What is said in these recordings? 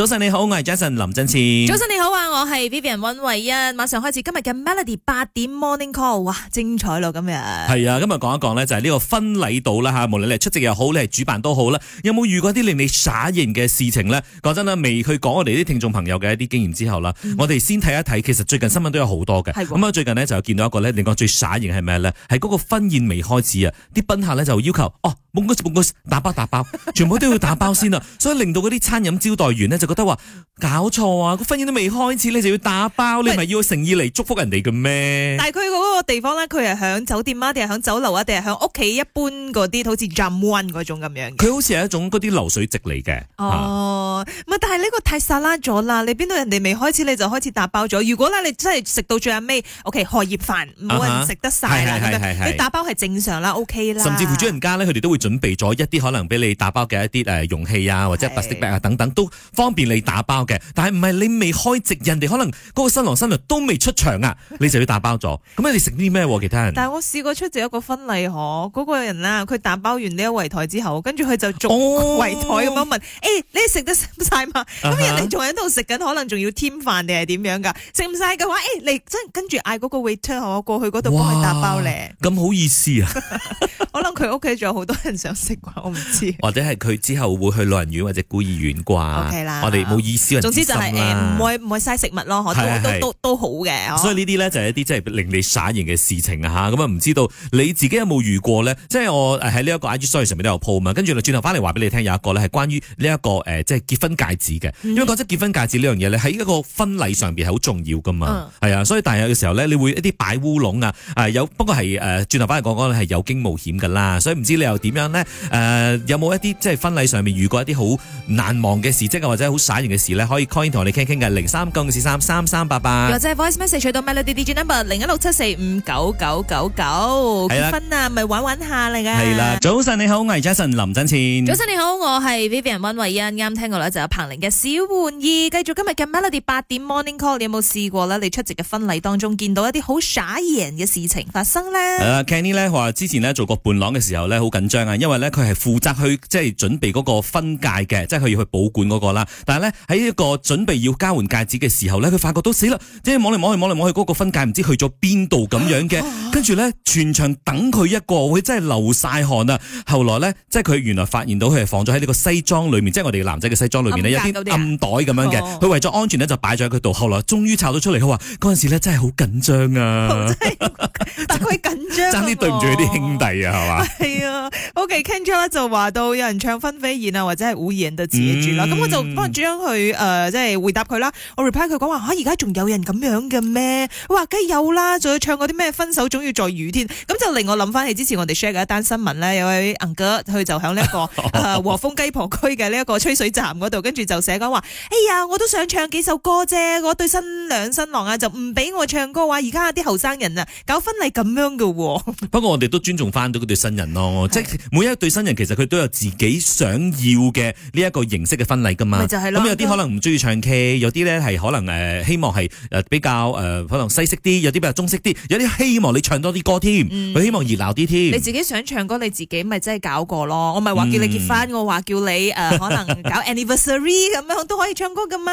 早晨你好，我係 Jason 林振志。早晨你好啊，我係 Vivian 溫慧欣。馬上開始今日嘅 Melody 八點 Morning Call，哇，精彩咯今日。係啊，今日講一講咧，就係呢個婚禮度啦吓，無論你係出席又好，你係主辦都好啦，有冇遇過啲令你耍型嘅事情咧？講真啦，未去講我哋啲聽眾朋友嘅一啲經驗之後啦，嗯、我哋先睇一睇，其實最近新聞都有好多嘅。咁啊、嗯，嗯、最近呢就見到一個咧，你講最耍型係咩咧？係嗰個婚宴未開始啊，啲賓客咧就要求哦。每個打包打包，全部都要打包先啊！ 所以令到啲餐飲招待員咧就覺得話搞錯啊！個婚宴都未開始，你就要打包， 你唔係要誠意嚟祝福人哋嘅咩？但係佢個地方咧，佢係響酒店啊、um 哦、啊，定係響酒樓啊，定係響屋企一般嗰啲，好似 jump 浸溫嗰種咁樣。佢好似係一種嗰啲流水席嚟嘅。哦，唔係，但係呢個太沙拉咗啦！你邊度人哋未開始，你就開始打包咗？如果咧，你真係食到最後尾，OK，荷葉飯冇人食得晒啦，你打包係正常啦，OK 啦了。甚至乎主人家咧，佢哋都會準備咗一啲可能俾你打包嘅一啲誒容器啊，或者 plastic 碟啊等等，都方便你打包嘅。但係唔係你未開席，人哋可能嗰個新郎新娘都未出場啊，你就要打包咗。咁你 啲咩？其他人，但係我試過出席一個婚禮嗬，嗰、那個人啦，佢打包完呢一圍台之後，跟住佢就做圍台咁樣問，誒、哦欸，你食得晒嘛？」咁人哋仲喺度食緊，可能仲要添飯定係點樣噶？食唔晒嘅話，誒、欸，你真跟住嗌嗰個 waiter 我過去嗰度幫佢打包咧？咁好意思啊？ 可能佢屋企仲有好多人想食啩，我唔知。 或者係佢之後會去老人院或者孤兒院啩、okay、了我哋冇意思。總之就係、是、唔、欸、會唔會嘥食物咯，可都的都都，都，都，都好嘅。所以呢啲咧就係一啲即係令你嘅事情啊，吓咁啊，唔知道，你自己有冇遇過咧？即係我喺呢一個 IG story 上面都有 po 嘛，跟住咧轉頭翻嚟話俾你聽，有一個咧係關於呢一個誒，即係結婚戒指嘅，因為講真，結婚戒指呢樣嘢，咧喺一個婚禮上邊係好重要噶嘛，係啊，所以但係有時候咧你會一啲擺烏龍啊，有不過係誒轉頭翻嚟講講咧係有驚無險噶啦，所以唔知你又點樣呢？誒有冇一啲即係婚禮上面遇過一啲好難忘嘅事跡，即係或者好細型嘅事呢？可以 call 同你哋傾傾嘅零三九四三三三八八或者到零一六七四。五九九九九，係啦，結婚啊，咪的玩玩下嚟噶。係啦，早晨你好，我是 Jason 林振倩。早晨你好，我係 Vivian 溫慧欣。啱聽過咧，就有彭玲嘅小玩意。繼續今日嘅 Melody 八點 Morning Call，你有冇試過咧？你出席嘅婚禮當中見到一啲好傻眼嘅事情發生咧？誒，Kenny 咧話之前咧做過伴郎嘅時候咧好緊張啊，因為咧佢係負責去即係準備嗰個婚戒嘅，即係佢要去保管嗰個啦。但係呢，喺呢個準備要交換戒指嘅時候咧，佢發覺都死啦，即係摸嚟摸去摸嚟摸去嗰個婚戒唔知去咗邊度。咁樣嘅，跟住咧，全場等佢一個，佢真係流晒汗啊！後來咧，即係佢原來發現到佢係放咗喺呢個西裝裏面，即、就、係、是、我哋男仔嘅西裝裏面咧，有啲暗、暗袋咁樣嘅。佢、哦、為咗安全咧，就擺咗喺佢度。後來終於摷到出嚟，佢話嗰陣時咧真係好緊張啊！但佢真係緊張、啊，爭啲 對唔住佢啲兄弟 啊，係嘛？係啊，OK，Kancha、okay，咧就話到有人唱分飛燕啊，或者係舞燕都自己住啦。咁、嗯、我就幫主張去誒，即係回答佢啦。我 reply 佢講話而、啊、家仲有人咁樣嘅咩？佢話梗係有啦，仲要唱。嗰啲咩分手總要在雨天，咁就令我諗翻起之前我哋 share 嘅一單新聞咧，有位 uncle 佢就喺呢一個和風雞婆區嘅呢一個吹水站嗰度，跟住就寫講話，哎呀，我都想唱幾首歌啫，嗰對新娘新郎啊，就唔俾我唱歌啊！而家啲後生人啊，搞婚禮咁樣嘅喎。不過我哋都尊重翻到嗰對新人咯，是即係每一個對新人其實佢都有自己想要嘅呢一個形式嘅婚禮噶嘛。咁有啲可能唔中意唱 K，有啲咧係可能誒、呃、希望係誒比較誒、呃、可能西式啲，有啲比較中式啲。有啲希望你唱多啲歌添，佢希望熱鬧啲添。你自己想唱歌，你自己咪真係搞過咯。我咪話叫你結婚，我話叫你誒，可能搞 anniversary 咁樣都可以唱歌噶嘛。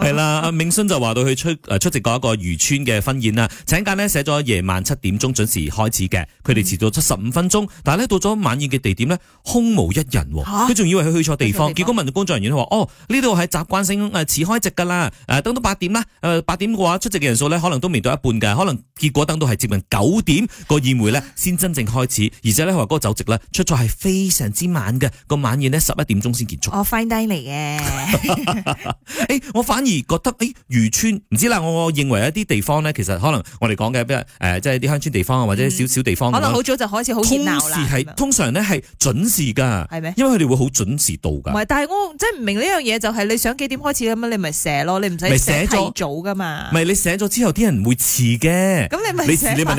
係啦，阿明信就話到佢出誒出席過一個漁村嘅婚宴啦。請柬呢，寫咗夜晚七點鐘準時開始嘅，佢哋遲到七十五分鐘，但係呢，到咗晚宴嘅地點呢，空無一人，佢仲以為佢去錯地方，結果問到工作人員話：哦，呢度係習慣性誒遲開席噶啦。誒，等到八點啦，誒，八點嘅話出席嘅人數呢，可能都未到一半噶，可能。結果等到係接近九點，個宴會咧先真正開始，而且咧佢話嗰個酒席咧出咗係非常之晚嘅，個晚宴咧十一點鐘先結束。我 f i n d a 嚟嘅，誒，我反而覺得誒，漁、欸、村唔知啦，我我認為一啲地方咧，其實可能我哋講嘅，譬、呃、誒，即係啲鄉村地方啊，或者少少地方，嗯、話可能好早就開始好熱鬧啦。通，樣通常係通常咧係準時噶，嗎因為佢哋會好準時到噶。唔係，但係我真係唔明呢樣嘢，就係你想幾點開始咁樣，你咪寫咯，你唔使寫太早噶嘛。唔係你寫咗之後，啲人唔會遲嘅。咁你咪你問你自己，何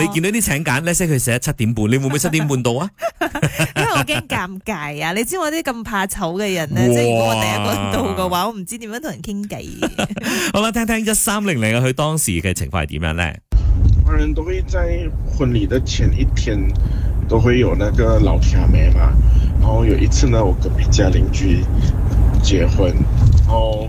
你見到啲請柬，呢些佢寫七點半，你會唔會七點半到啊？ 因為我驚尷尬啊！你知我啲咁怕醜嘅人咧，哇即係如果我第一個人到嘅話，我唔知點樣同人傾偈。 好啦，聽聽一三零零佢當時嘅情況係點樣咧？人都會在婚禮嘅前一天都會有那個老傳媒嘛，然後有一次呢，我隔壁家鄰居結婚，哦。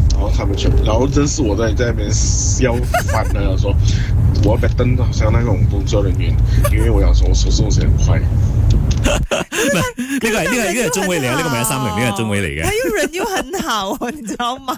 然後他們就，然後真是我在，在那邊笑翻了！我說，我要等到好像那種工作人員，因為我想說我手速是很快。哈哈哈。呢個係呢個呢個係中位嚟嘅，呢個咪一三零，呢個係中位嚟嘅。佢又人又很好喎，你知道嘛？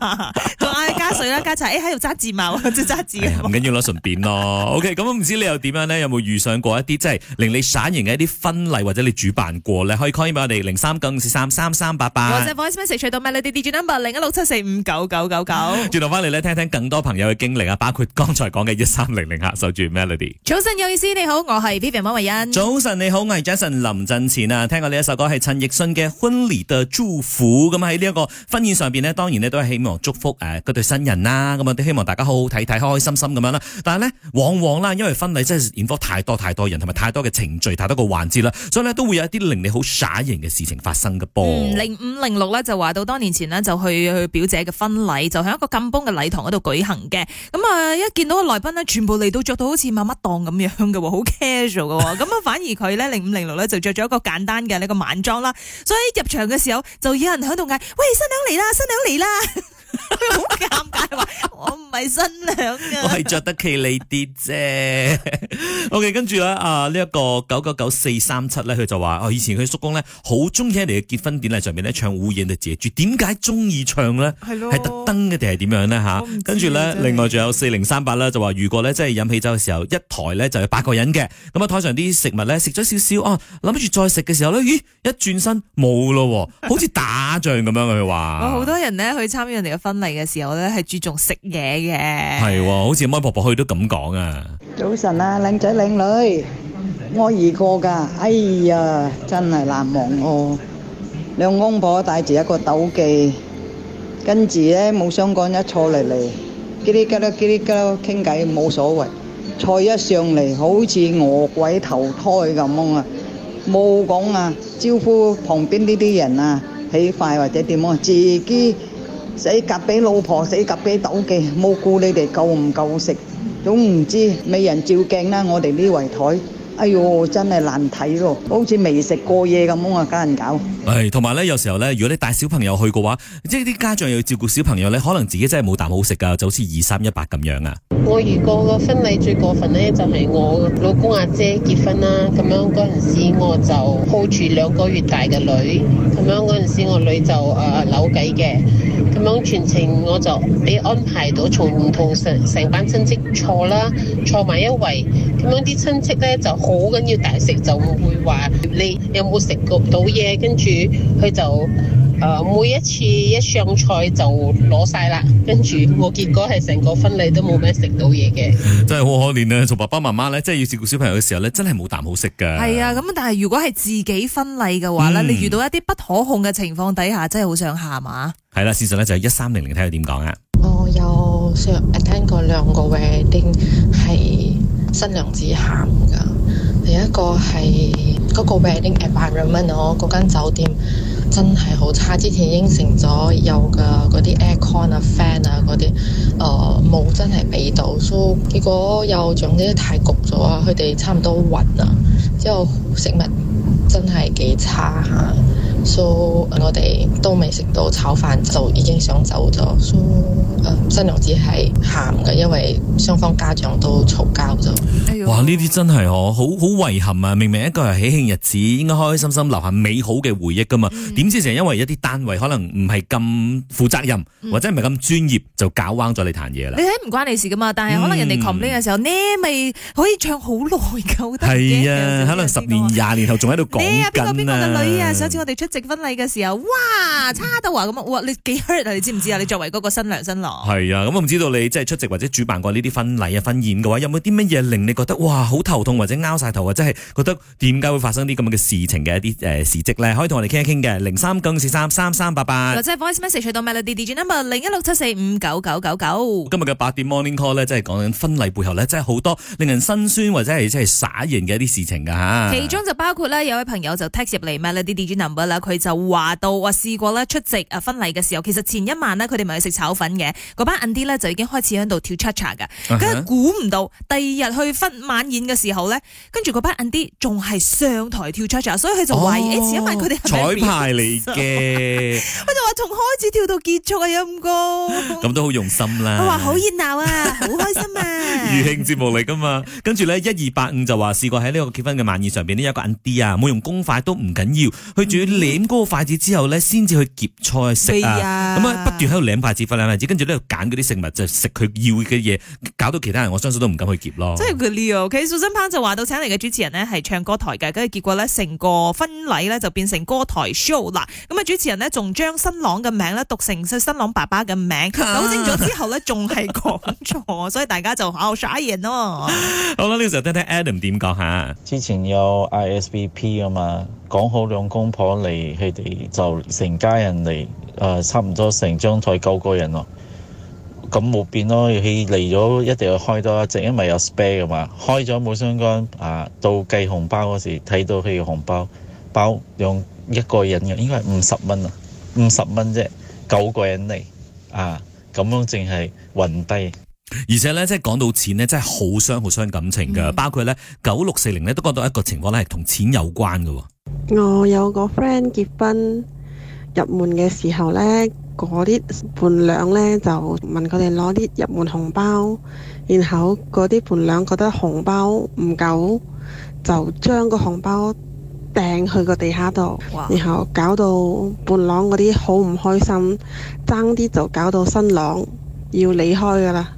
仲嗌加水啦，加茶。誒，喺度揸字嗎？我唔知揸字。唔緊要咯，順便咯。OK，咁唔知你又點樣咧？有冇遇上過一啲即係令你散形嘅一啲婚禮，或者你主辦過咧？可以 call 埋我哋零三九五四三三三八八。我只 voice message 取到 Melody 的電話號碼，零一六七四五九九九九。轉頭翻嚟咧，聽聽更多朋友嘅經歷啊，包括剛才講嘅一三零零客守住 Melody。早晨有意思，你好，我係 Vivian 莫慧欣。早晨你好，我係 Jason 林振前啊。聽過呢一首歌。係陳奕迅嘅《婚禮嘅祝福》，咁喺呢一個婚宴上邊咧，當然呢都係希望祝福誒嗰對新人啦，咁啊都希望大家好好睇睇，開開心心咁樣啦。但係呢，往往啦，因為婚禮真係演播太多太多人，同埋太多嘅程序，太多個環節啦，所以呢都會有一啲令你好傻眼嘅事情發生㗎噃。零五零六呢就話到當年前呢，就去去表姐嘅婚禮，就喺一個金邦嘅禮堂嗰度舉行嘅。咁啊一見到個來賓呢，全部嚟到着到好似乜乜當咁樣嘅，好 casual 嘅。咁啊反而佢呢，零五零六呢，就着咗一個簡單嘅呢個人裝啦，所以入場嘅時候就有人響度嗌，喂，新娘嚟啦，新娘嚟啦！ 好 尷尬，我唔係新娘 okay, 啊！我係着得企理啲啫。OK，跟住咧啊，呢一個九九九四三七咧，佢就話哦，以前佢叔公咧好中意喺你嘅結婚典禮上面咧唱《烏影》嘅自主》，點解中意唱咧？係咯，係特登嘅定係點樣咧吓？跟住咧，著是另外仲有四零三八咧，就話如果咧即係飲喜酒嘅時候，一台咧就有八個人嘅。咁啊，台上啲食物咧食咗少少，哦，諗、啊、住再食嘅時候咧，咦，一轉身冇咯，好似打仗咁樣佢話。我好、 哦、多人咧去參與人哋嘅。婚禮嘅時候咧，係注重食嘢嘅，係好似阿媽婆婆去都咁講啊。早晨啊，靚仔靚女，我二個噶。哎呀，真係難忘哦。兩公婆帶住一個鬥記，跟住咧冇想講，相一來來，嘀咯嘀咯嘀咯坐嚟嚟，嘰哩嘰哩，嘰哩咕嚕，傾偈冇所謂。菜一上嚟，好似餓鬼投胎咁樣啊，冇講啊，招呼旁邊呢啲人啊，起筷或者點啊，自己。死夾俾老婆，死夾俾豆記，冇顧你哋夠唔夠食，總唔知美人照鏡啦。我哋呢圍台，哎呦，真係難睇咯，好似未食過嘢咁啊！家人搞，誒同埋咧，有時候咧，如果你帶小朋友去嘅話，即係啲家長又要照顧小朋友咧，可能自己真係冇啖好食噶，就好似二三一八咁樣啊。我遇過個婚禮最過分咧，就係、是、我老公阿姐結婚啦，咁樣嗰陣時我就抱住兩個月大嘅女，咁樣嗰陣時我女就誒、呃、扭計嘅。咁樣全程我就你安排到從，從唔同成成班親戚坐啦，坐埋一圍。咁樣啲親戚咧就好緊要大食，就唔會話你有冇食到嘢，跟住佢就。呃、每一次一上菜就攞晒啦，跟住我結果係成個婚禮都冇咩食到嘢嘅，真係好可憐啊！做爸爸媽媽咧，真係要照顧小朋友嘅時候咧，真係冇啖好食噶。係啊，咁但係如果係自己婚禮嘅話咧，嗯、你遇到一啲不可控嘅情況底下，真係好想喊啊！係、嗯、啦，事實咧就係一三零零，睇佢點講啊！我有上聽過兩個 wedding，係新娘子喊噶，第一個係嗰個 wedding arrangement 哦，嗰間酒店。真係好差，之前應承咗有嘅嗰啲 aircon 啊、fan 啊嗰啲，誒冇、呃、真係俾到，所以結果又種啲太焗咗啊！佢哋差唔多暈啊，之後食物真係幾差嚇、啊。so 我哋都未食到炒飯就已經想走咗，so 新娘子係喊㗎，因為雙方家長都嘈交咗。哇！呢啲真係我好好遺憾啊！明明一個係喜慶日子，應該開開心心留下美好嘅回憶㗎嘛，點知成日因為一啲單位可能唔係咁負責任，或者唔係咁專業，就搞彎咗你壇嘢啦。你睇唔關你事㗎嘛，但係可能人哋 company 嘅時候，你咪可以唱好耐嘅，好得係啊，可能十年廿年後仲喺度講緊啊。邊個邊個嘅女啊？上次我哋出結婚禮嘅時候，哇，差到啊咁啊！哇，你幾 hurt 啊？你知唔知啊？你作為嗰個新娘新郎，係啊，咁我唔知道你即係出席或者主辦過呢啲婚禮啊、婚宴嘅話，有冇啲乜嘢令你覺得哇，好頭痛或者拗晒頭啊？即係覺得點解會發生啲咁嘅事情嘅一啲誒事跡咧？可以同我哋傾一傾嘅零三更四三三三八八，或者 voice message 到 Melody D J number 零一六七四五九九九九。今日嘅八點 Morning Call 咧，即係講緊婚禮背後咧，真係好多令人辛酸或者係真係耍人嘅一啲事情噶吓。其中就包括咧，有位朋友就 text 入嚟 Melody D J number 啦。佢就話到話試過咧出席啊婚禮嘅時候，其實前一晚咧佢哋咪去食炒粉嘅，嗰班銀啲咧就已經開始喺度跳 cha cha 估唔、uh huh. 到第二日去分晚宴嘅時候咧，跟住嗰班銀啲仲係上台跳 cha cha 所以佢就懷疑前一晚佢哋係彩排嚟嘅，佢 就話從開始跳到結束啊陰功，咁都好用心啦。佢話好熱鬧啊，好 開心啊！餘興節目嚟噶嘛，跟住咧一二八五就話試過喺呢個結婚嘅晚宴上邊呢有一個銀啲啊，冇用公筷都唔緊要，佢主點嗰個筷子之後咧，先至去夾菜食啊！咁啊，樣不斷喺度擰筷子，翻擰筷子，跟住咧揀嗰啲食物就食佢要嘅嘢，搞到其他人我相信都唔敢去夾咯。即係佢呢樣，佢蘇新攀就話到，請嚟嘅主持人呢係唱歌台嘅，跟住結果咧成個婚禮咧就變成歌台 show 啦。咁啊，主持人呢仲將新郎嘅名咧讀成新郎爸爸嘅名，糾正咗之後咧仲係講錯， 所以大家就、哦哦、好傻眼咯。好啦，呢個時候聽聽 Adam 點講下。之前有 ISBP 啊嘛。講好兩公婆嚟，佢哋就成家人嚟，誒差唔多成張台九個人咯。咁冇變咯，佢嚟咗一定要開多一隻，因為有 spare 嘅嘛。開咗冇相干啊，到計紅包嗰時睇到佢嘅紅包，包用一個人嘅應該係五十蚊啊，五十蚊啫，九個人嚟啊，咁樣淨係暈低。而且咧，即係講到錢咧，真係好傷好傷感情㗎。包括咧，九六四零咧都講到一個情況咧，係同錢有關嘅。我有個 friend 結婚入門嘅時候咧，嗰啲伴娘咧就問佢哋攞啲入門紅包，然後嗰啲伴娘覺得紅包唔夠，就將個紅包掟去個地下度，然後搞到伴郎嗰啲好唔開心，爭啲就搞到新郎要離開噶啦，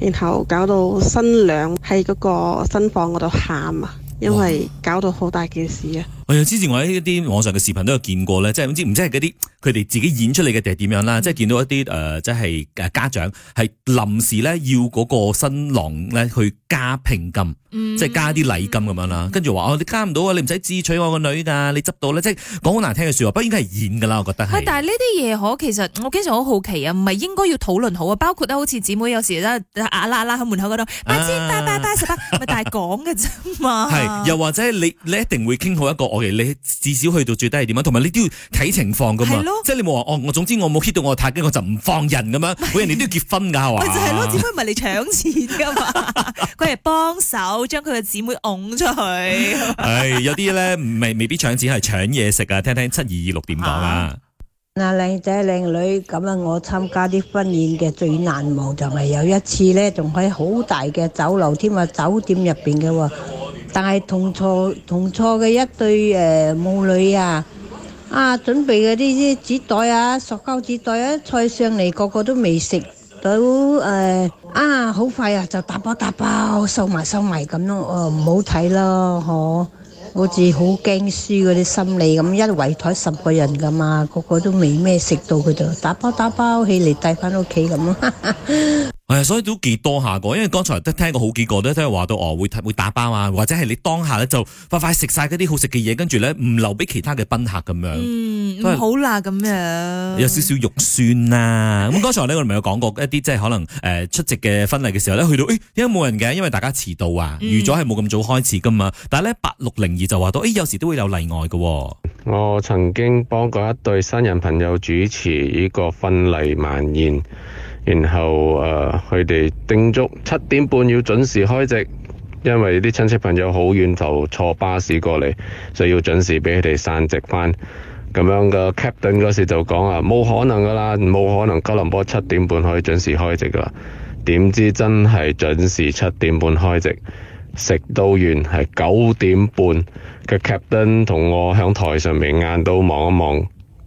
然後搞到新娘喺嗰個新房嗰度喊啊，因為搞到好大件事啊！之前我喺一啲網上嘅視頻都有見過咧，即係總之唔知係嗰啲佢哋自己演出嚟嘅定係點樣啦，即係見到一啲誒，即係誒家長係臨時咧要嗰個新郎咧去加聘金，即係加啲禮金咁樣啦，跟住話你加唔到啊，你唔使自取我個女噶，你執到咧，即係講好難聽嘅說話，不過應該係演噶啦，我覺得。啊！但係呢啲嘢可其實我經常好好奇啊，唔係應該要討論好啊，包括好似姊妹有時咧啊啦啦喺門口嗰度，八千八八八十八咪大講嘅啫嘛。係又或者你你一定會傾好一個。你至少去到最低係點啊？同埋你都要睇情況噶嘛，的即係你冇話哦，我總之我冇 hit 到我塔嘅，我就唔放人咁樣，咁是人哋都要結婚噶，係嘛是？我只的不唔係你搶錢噶嘛，佢係幫手將佢嘅姊妹㧬出去。唉， 有啲咧未未必搶錢，係搶嘢食啊！聽聽七二二六點講啊！嗱，靚仔靚女，咁啊，我參加啲婚宴嘅最難忘就係有一次咧，仲喺好大嘅酒樓添啊，酒店入邊嘅喎。但係同坐同坐嘅一對誒母、呃、女啊，啊準備嗰啲啲紙袋啊，塑膠紙袋啊，菜上嚟個個都未食到誒、呃，啊好快啊就打包打包收埋收埋咁、啊、咯，唔好睇咯，嗬！好似好驚輸嗰啲心理咁，一圍枱十個人㗎嘛，個個都未咩食到佢就打包打包起嚟帶返屋企咁咯。係，所以都幾多下嘅，因為剛才都聽過好幾個咧，都係話到哦，會會打包啊，或者係你當下咧就快快食晒嗰啲好食嘅嘢，跟住咧唔留俾其他嘅賓客咁樣，唔、嗯、是好啦咁樣，有少少肉酸啦、啊。咁 剛才咧我哋咪有講過一啲即係可能誒出席嘅婚禮嘅時候咧，去到誒因為冇人嘅，因為大家遲到啊，預咗係冇咁早開始噶嘛。嗯、但係咧八六零二就話到誒，有時都會有例外嘅。我曾經幫過一對新人朋友主持呢、這個婚禮晚宴。然後誒，佢哋叮囑七點半要準時開席，因為啲親戚朋友好遠頭坐巴士過嚟，所以要準時俾佢哋散席翻。咁樣個 captain 嗰時就講啊，冇可能噶啦，冇可能吉隆坡七點半可以準時開席噶啦。點知真係準時七點半開席，食到完係九點半。個 captain 同我響台上面晏到望一望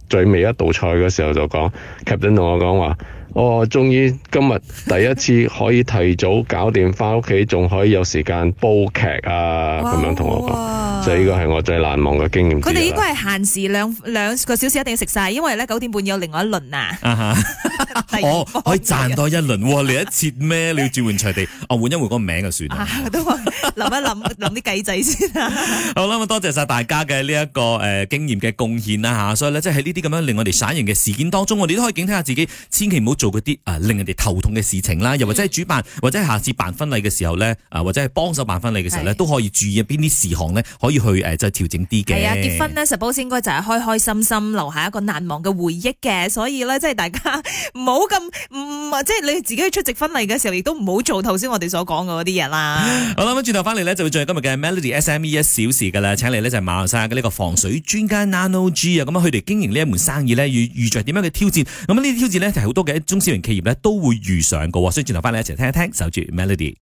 最尾一道菜嗰時候就講，captain 同我講話。我、哦、終於今日第一次可以提早搞掂，翻屋企仲可以有時間煲劇啊！咁樣同我講，就、哦、所以依個係我最難忘嘅經驗。佢哋應該係限時兩兩個小時，一定要食晒，因為咧九點半有另外一輪啊。Uh huh. 哦，忙可以賺多一輪你 一次咩？你要轉換場地，哦換一回個名就算啦。啊啊、都諗一諗，諗啲 計仔先啦。好啦咁，多謝晒大家嘅呢一個誒經驗嘅貢獻啦嚇、啊，所以咧即係呢啲咁樣令我哋散型嘅事件當中，我哋都可以警惕下自己，千祈唔好做嗰啲啊令人哋頭痛嘅事情啦。又或者係主辦 或者係下次辦婚禮嘅時候咧，啊或者係幫手辦婚禮嘅時候咧，是都可以注意邊啲事項咧可以去誒即係調整啲嘅。係啊，結婚咧，suppose 應該就係開開心心，留下一個難忘嘅回憶嘅。所以咧，即係大家唔好。咁唔、嗯、即係你自己出席婚禮嘅時候，亦都唔好做頭先我哋所講嘅嗰啲嘢啦。好啦，咁轉頭翻嚟咧，就會進入今日嘅 Melody SME 一小時嘅啦。請嚟咧就係馬來西亞嘅呢個防水專家 Nano G 啊。咁啊，佢哋經營呢一門生意咧，要遇遇着點樣嘅挑戰？咁呢啲挑戰咧就係好多嘅中小型企業咧都會遇上嘅。所以轉頭翻嚟一齊聽一聽，守住 Melody。